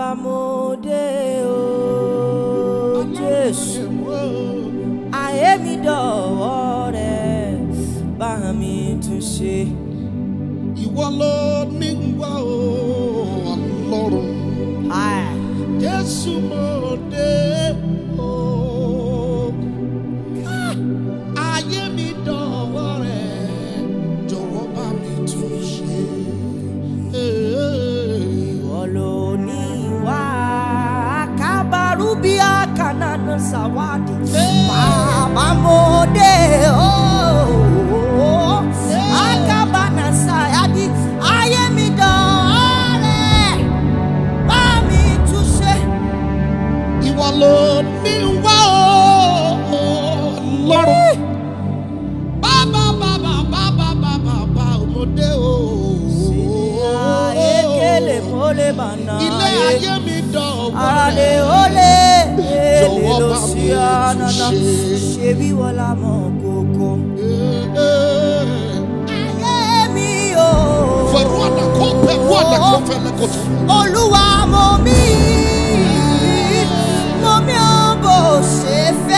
amor. bá mi tún ṣe. ṣe bí wọ́n la mọ̀ kókó. ayé mi o. fẹ̀rù àdàkọ́ olúwa mọ̀ mí mọ̀ mí ò ṣe fẹ́.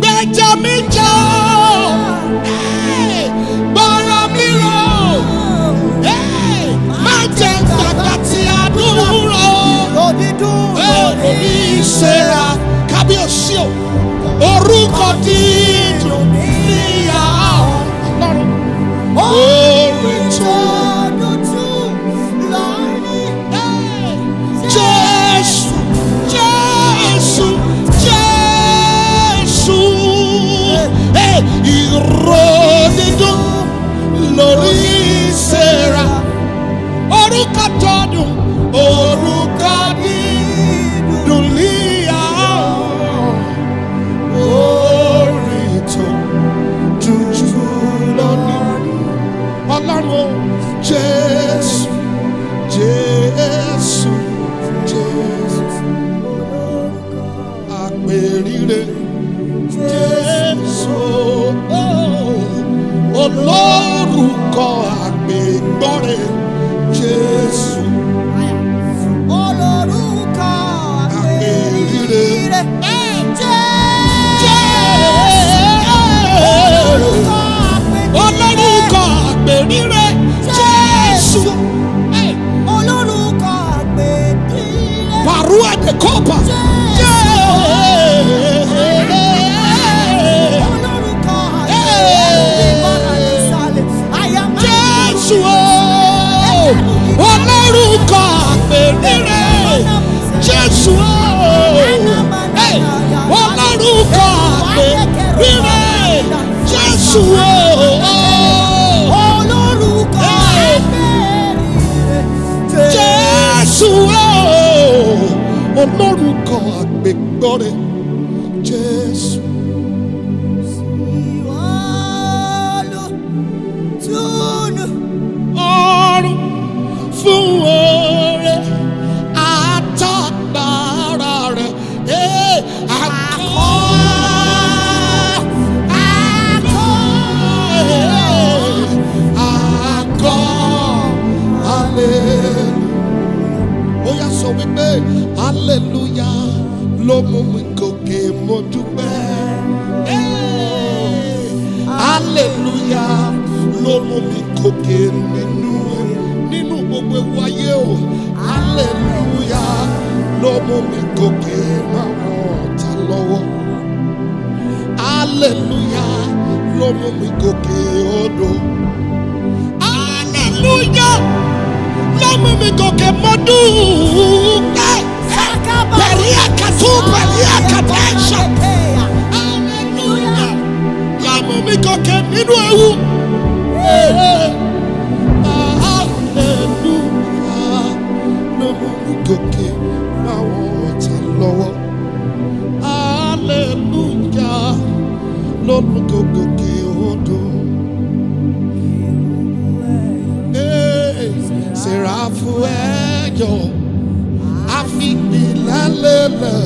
gbẹjà mi jà ó gbọ́ra mi rò má jẹ́ gbàgbà tí a dúró òbí ìṣera kábíyèsí o orúkọ dìí. ìró dídùn lórí ìsera orúkọ tọdún òun. du Maria Katuba Yakabasha Hallelujah Yamu Mikoke Minu Ewu Hallelujah Yamu Mikoke Mawota Lowo Hallelujah Lọ́nà gògòkè odò. Serafuel ẹjọ́ àfipìlálẹ́lẹ̀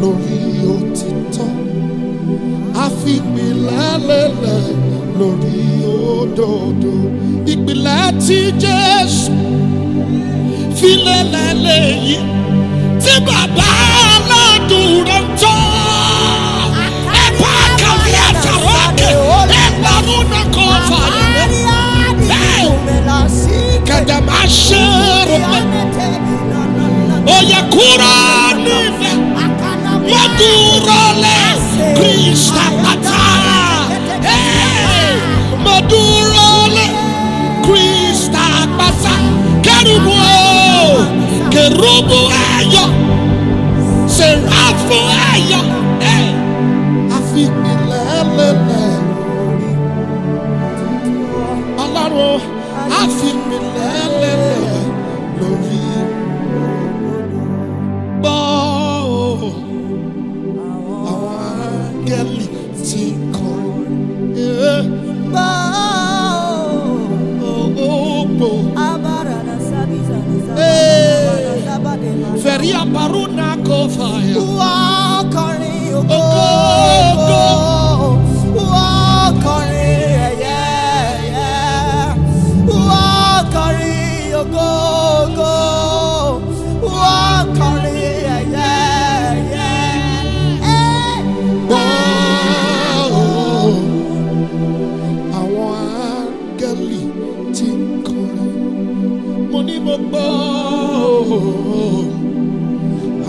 lórí òtítọ́ àfipìlálẹ́lẹ̀ lórí òdodo ìpìlẹ̀ tí Jésù filẹ̀lẹ̀ lẹ́yìn tí bàbá aládùn rẹ̀ ń tọ́ ẹ̀pá kàwé àtàwọn òkè ẹ̀pá múná kan fàlẹ́ lẹ́yìn kẹ̀dẹ̀ máa ṣe é Ayakura Madurole Krishna Pata Madurole Krishna Pata Kerubo Kerubo Ayo Serafo Ayo Afikilelele Ọlọ́run afikilelele lórí. Oh, oh, oh, Feria paruna kofaya. oh gbogbo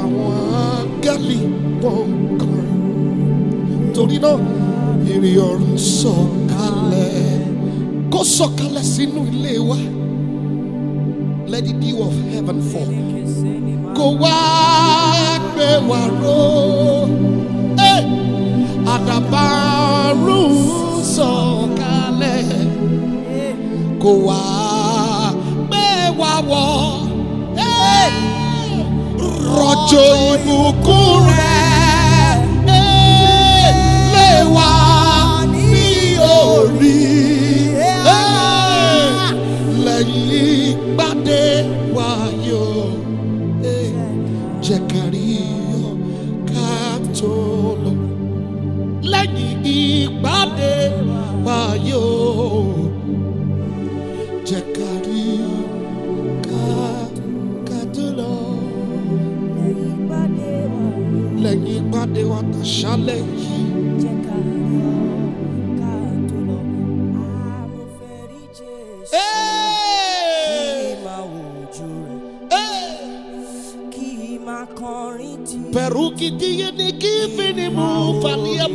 àwọn áńgẹ́lì wọn kọrin torí náà èrè ọ̀run sọ̀kalẹ̀ kó sọ̀kalẹ̀ sínú ilé wa let the dew of heaven fall kó wá gbé wa ró àdàbà ọ̀run sọ̀kalẹ̀ kó wá wọ̀ rọ̀jò ìbùkún rẹ̀.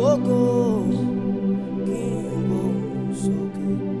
ògo kí n gbóhùn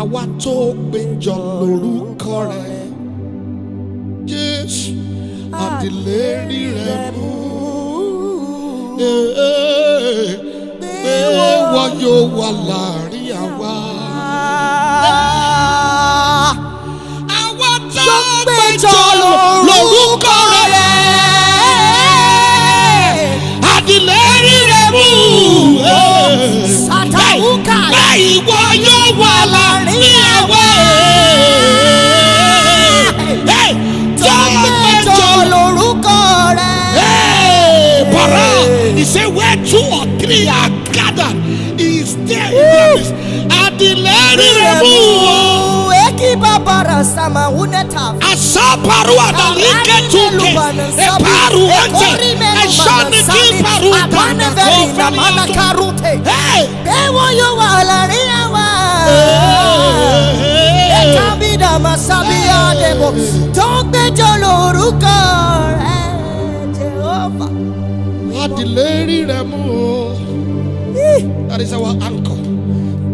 àwa tó péjọ lórúkọ rẹ Jésù àdìlérí rẹ mú pé ìwọ yóò wà láàrin àwa. àwa tó péjọ lórúkọ rẹ àdìlérí rẹ mú. sátánù kàyé. Miremu. Ekiba bara sama unetaf. Asaparua da like tuke. Eparu ante. Eshani ki paru pana kofani. Mana karute. Hey. Dewo yo wala ni awa. Ekabi da masabi adebo. Togbe jolo ruka. That is our anchor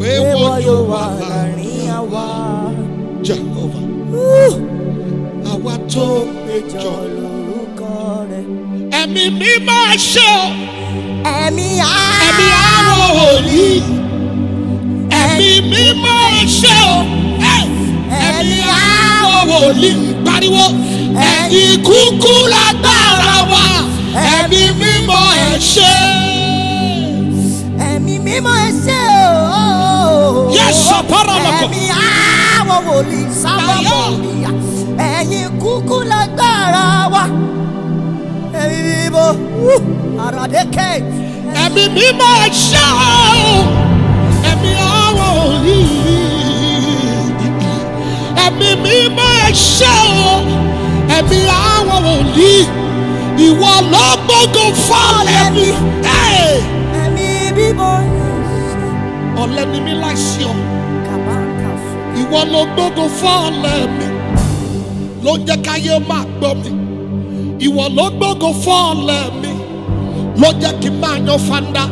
pé wọ́n yóò wà láàrin àwa. jehova àwa tó péjọ lórúkọ rẹ. ẹ̀mí mi máa ṣọ́. ẹ̀mí àárọ̀ òní. ẹ̀mí mi máa ṣọ́. ẹ̀mí àárọ̀ òní. pariwo ẹ̀yin kúkú lágbára wa ẹ̀mí mímọ́ ẹ̀ ṣe. ẹ̀mí mímọ́ ẹ̀ ṣe yes ọ̀pọ̀rọ̀mọ̀kọ. ẹ̀mí àwọn wòlíì sábà bọ̀ níyà ẹ̀yin kúkú lágbára wa ẹ̀mí mímọ́ àràdékè. ẹ̀mí mímọ́ ẹ̀ṣá o ẹ̀mí àwọn wòlíì ẹ̀mí mímọ́ ẹ̀ṣá o ẹ̀mí àwọn fún ẹ̀mí. ẹ̀mí mímọ́ ẹ̀ṣá ọ̀lẹ ni mí láìsí ọ. ìwọ ló gbógun fún ọ̀lẹ mi ló jẹ́ káyé máa gbọ́ mi ìwọ ló gbógun fún ọ̀lẹ mi ló jẹ́ kí n máa yan fanda.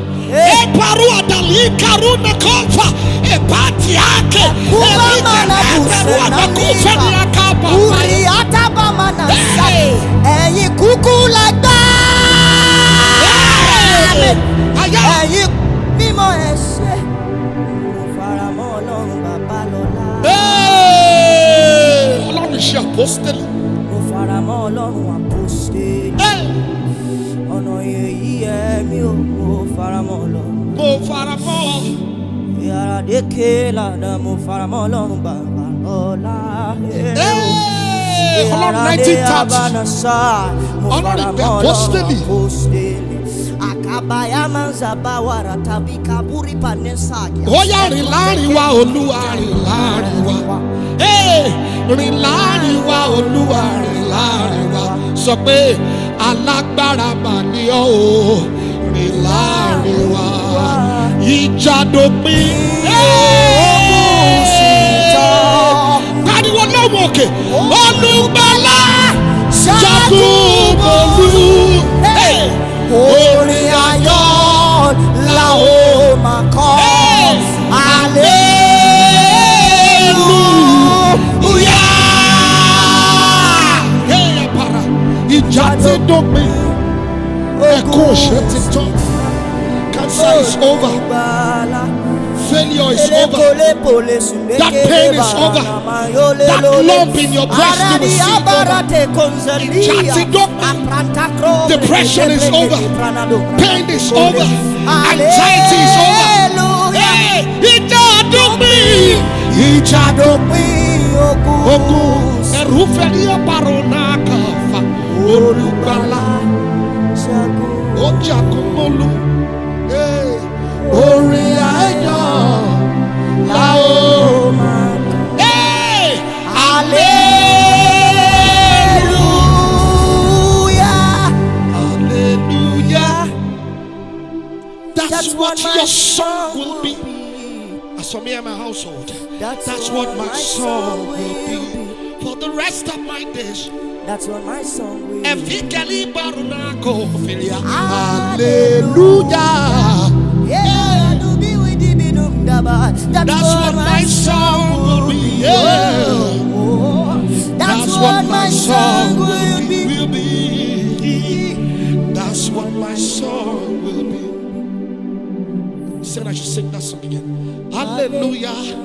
Eparu adali ikaru na kofa epati yake elite eperu adakufa ni akaba. Uri atabama na sa ẹ̀yin kúkú la gbá. Ẹ̀yin mímọ́ ẹ̀sùn. apostoli. mo fara mọ́ ọlọ́run apostoli. ọ̀nà èyí ẹ̀mí ò mo fara mọ́ ọlọ́run. mo fara mọ́ ọ. yàrá dékè lànà mo fara mọ́ ọlọ́run bàbá ọ̀la. ọlọ́run náà ti tàbí ọlọ́run apostoli ó yá rìn láàrin wa olúwa rìn láàrin wa rìn láàrin wa olúwa rìn láàrin wa sọ pé alágbára mà ní ọ́ o rìn láàrin wa ìjà dòpin. pariwo lọ́wọ́ òkè olùgbàlà jagun bòlú orin ìjà ti dópin ẹkún òṣè ti tán cancer is over. failure is over. That pain is over. That lump in your breast you will see over. Injecting Depression is over. Pain is over. Anxiety is over. Hey, Ijadokmi. Ijadokmi ogun. Erufeli baronaka fa. Olùgbàlà. Ojakumolu. That's what, what your song will be. As for me and my household, that's, what, my song will be. For the rest of my days, that's what my song will be. Hallelujah. That's, what my song will be. That's what my song will be. That's what my song will be. He said I should sing that song again. Hallelujah.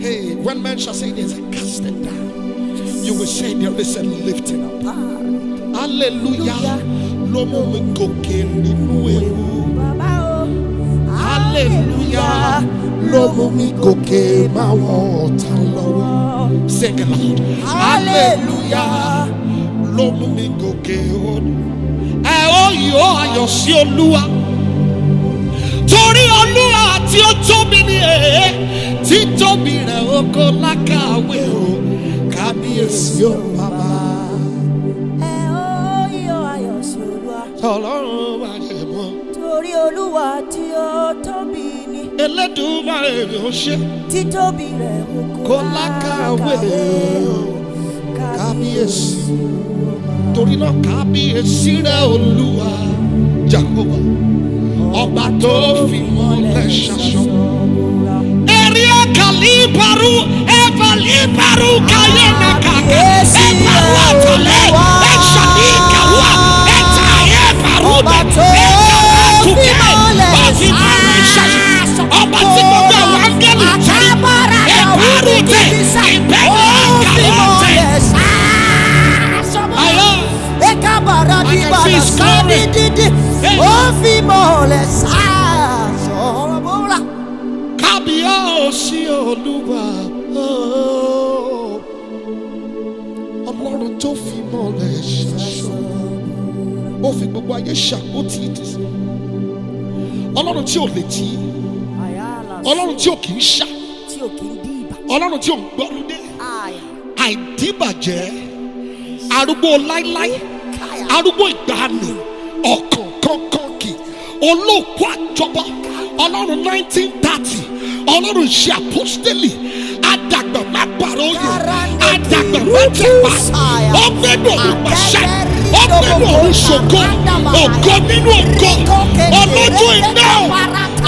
Hey, one man shall say there's a casting down, you will say there is a lifting up. Hallelujah. ló mú mi gòkè máwọn ọ̀tá lọ́wọ́ sẹ́kẹ̀lá hallelujah ló mú mi gòkè òní ẹ ó yọ ayọ̀ torí olúwa tí ó tóbi ní èé e, tí tóbi rẹ̀ oko lákàwé o kábíyèsí o bàbá. ẹ ó yọ ayọ̀ sí olúwa. ọlọ́run wà ṣẹ̀mọ́. torí olúwa tí ó tóbi. Elédùmarè ó ṣe. títóbi rẹ̀ kò lákàwé kábíyèsí torí náà kábíyèsí rẹ̀ olúwa jacoba ọba tó fi mọ́lẹ̀ ṣaṣọ. eré kàlí paru ẹ̀fàlí paru káyọ̀ na kàkà ẹ̀fàlú àtọ̀lẹ̀ ẹ̀ṣàlí kàlúà ẹ̀tà ẹ̀fàlú bẹ̀ ẹ̀kàlá kùkẹ́ bàtí náà. oh, sáni dídì ó fi mọ̀ọ́lẹ̀ sáàsọ̀ ọ̀rọ̀ bóra. kábíyá ò sí olúwa ọlọ́run tó fi mọ̀ọ́lẹ̀ sáàsọ̀ ó fi gbogbo ayé ṣàkóso ìdí sí ọlọ́run tí ò lè tí ọlọ́run tí ò kì í ṣá ọlọ́run tí ò ń gbọ́lúdé àìdíbàjẹ́ arúgbó láíláí arúgbó ìgbàanì ọ̀kàn kankan kì olóòkú àjọba ọlọ́run nineteen thirty ọlọ́run ṣe àpọ́sítélì àdàgbà má bàrà oyè àdàgbà má jẹ̀bà ọ̀gbẹ́dọ̀ òun pàṣẹ ọ̀gbẹ́dọ̀ òun ṣògo nínú ògo ọlọ́jọ́ iná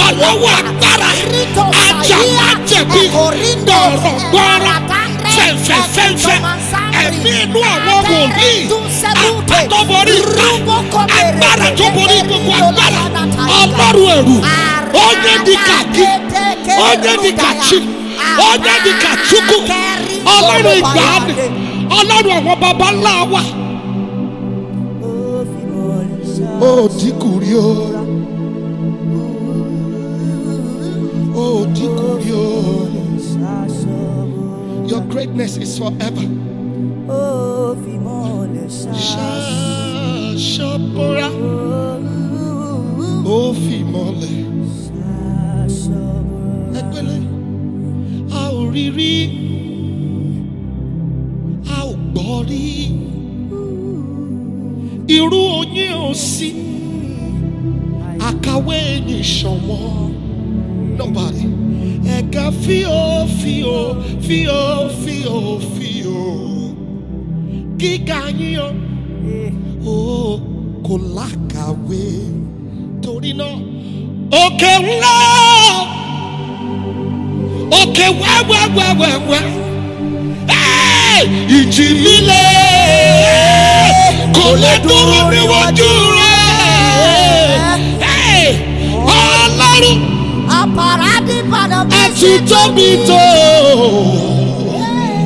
ọlọ́wọ́ agbára ajá má jẹ̀bi dọ̀rọ̀ gbọ́ra fẹ́ǹfẹ̀fẹ́ǹfẹ̀ ẹ̀mí inú àwọn wòlíì àtọ́bọ̀rí agbára tó borí gbogbo agbára ọlọ́run ẹ̀rù onye dịka gị onye dịka chi onye dịka chukwu ọlọ́run ìgbàanì ọlọ́run àwọn baba ńlá wa. ó dínkù rí o oh dínkù rí o. Your greatness is forever. Ṣàṣọpọ̀ra ó fi mọ́lẹ̀. Ẹgbẹ́lẹ́, a ò rí rí, Irú oyin ò sí, àkàwé ni ṣọ̀wọ́n nobody. Eka ẹ̀ka fíò fíò fíò fíò fíò gíga yíyan mm. o kò lákàwé torí wa wa ńlá òkè wẹ́wẹ́wẹ́wẹ́ ìjì líle kò lè dúró níwájú rẹ̀ ọlọ́run ẹ ti tóbi tó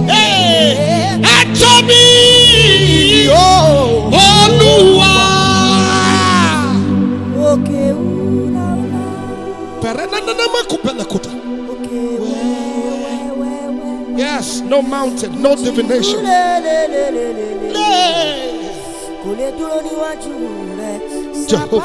ẹ tóbi olúwa. pẹ̀rẹ́ nánà má kó bẹ̀rẹ̀ kótó. Yes, no mountain, no divination. Jehovah.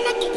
la